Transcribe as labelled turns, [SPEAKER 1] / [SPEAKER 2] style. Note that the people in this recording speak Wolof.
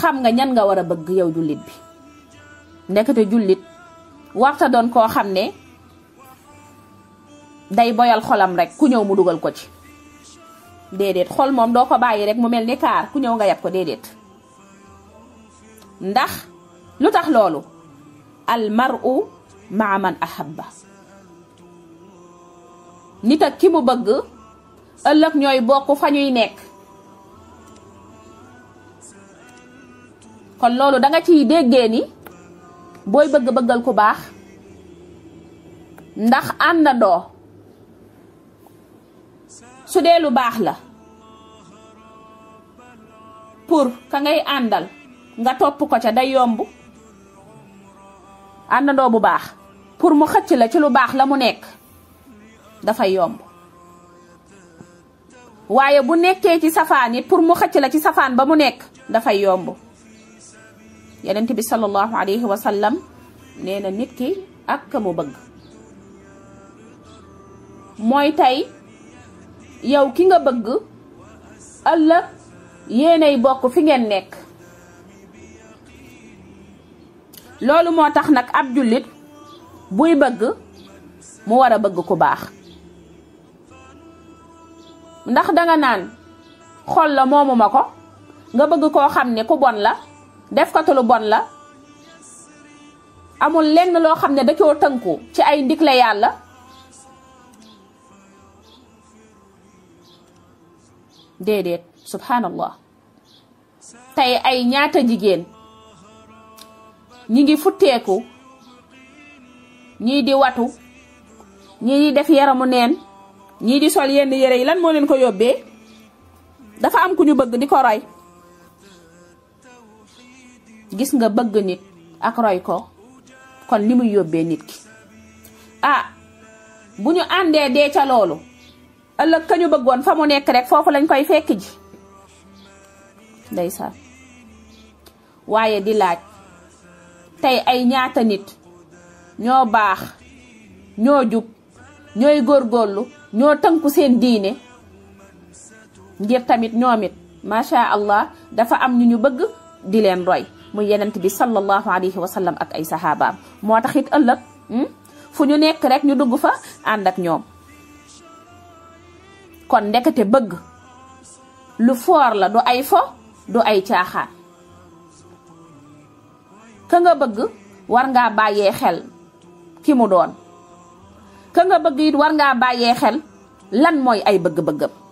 [SPEAKER 1] xam nga ñan nga war a bëgg yaw jullit bi ndekete jullit warta doon koo xam ne day boyal xolam rekk ku ñëw mu dugal ko ci déedéet xol moom doo ko bàyyi rek mu mel ni kaar ku ñëw nga yab ko déedéet ndax lu tax loolu al mar'u maa man ahabba nit ak ki mu bëgg ëllëg ñooy bokk fa ñuy nekk kon loolu danga ciy déggee ni booy bëgg bëggal ku baax ndax àndandoo su dee lu baax la pour ka ngay àndal nga topp ko ca day yomb àndandoo bu baax pour mu xëcc la ci lu baax la mu nekk dafay yomb waaye bu nekkee ci safaan yi pour mu xëcc la ci safaan ba mu nekk dafay yomb yenent bi sallallahu alayhi wa sallam nee na nit ki ak ka mu bëgg mooy tey yow ki nga bëgg ëllëg yéenay bokk fi ngeen nekk loolu moo tax nag ab jullit buy bëgg mu war a bëgg ku baax ndax danga naan xol la moomuma ko nga bëgg koo xam ne ku bon la def ko bon la amul lenn loo xam ne da coo tënku ci ay la yàlla déedéet subhanallah tey ay ñaata jigéen ñi ngi futteeku ñii di watu ñii di def yaramu neen ñii di sol yenn yére yi lan moo leen ko yóbbee dafa am ku ñu bëgg di ko roy gis nga bëgg nit ak roy ko kon li muy yóbbee nit ki ah bu ñu àndee dee ca loolu ëllëg ka ñu bëggoon fa mu nekk rek foofu lañ koy fekk ji ndeysaan waaye di laaj tey ay ñaata nit ñoo baax ñoo jub ñooy góor góorlu ñoo tënku seen diine ngir tamit ñoom it macha allah dafa am ñu ñu bëgg di leen roy muy yenent bi sallallahu alayhi wa sallam ak ay sahabaam moo tax it ëllëg hmm, fu ñu nekk rek ñu dugg fa ànd ak ñoom kon ndekete bëgg lu foor la du ay fo du ay caaxaan ka nga bëgg war bàyyee xel ki mu doon ka nga bëgg it war ngaa bàyyee xel lan mooy ay bëgg-bëggam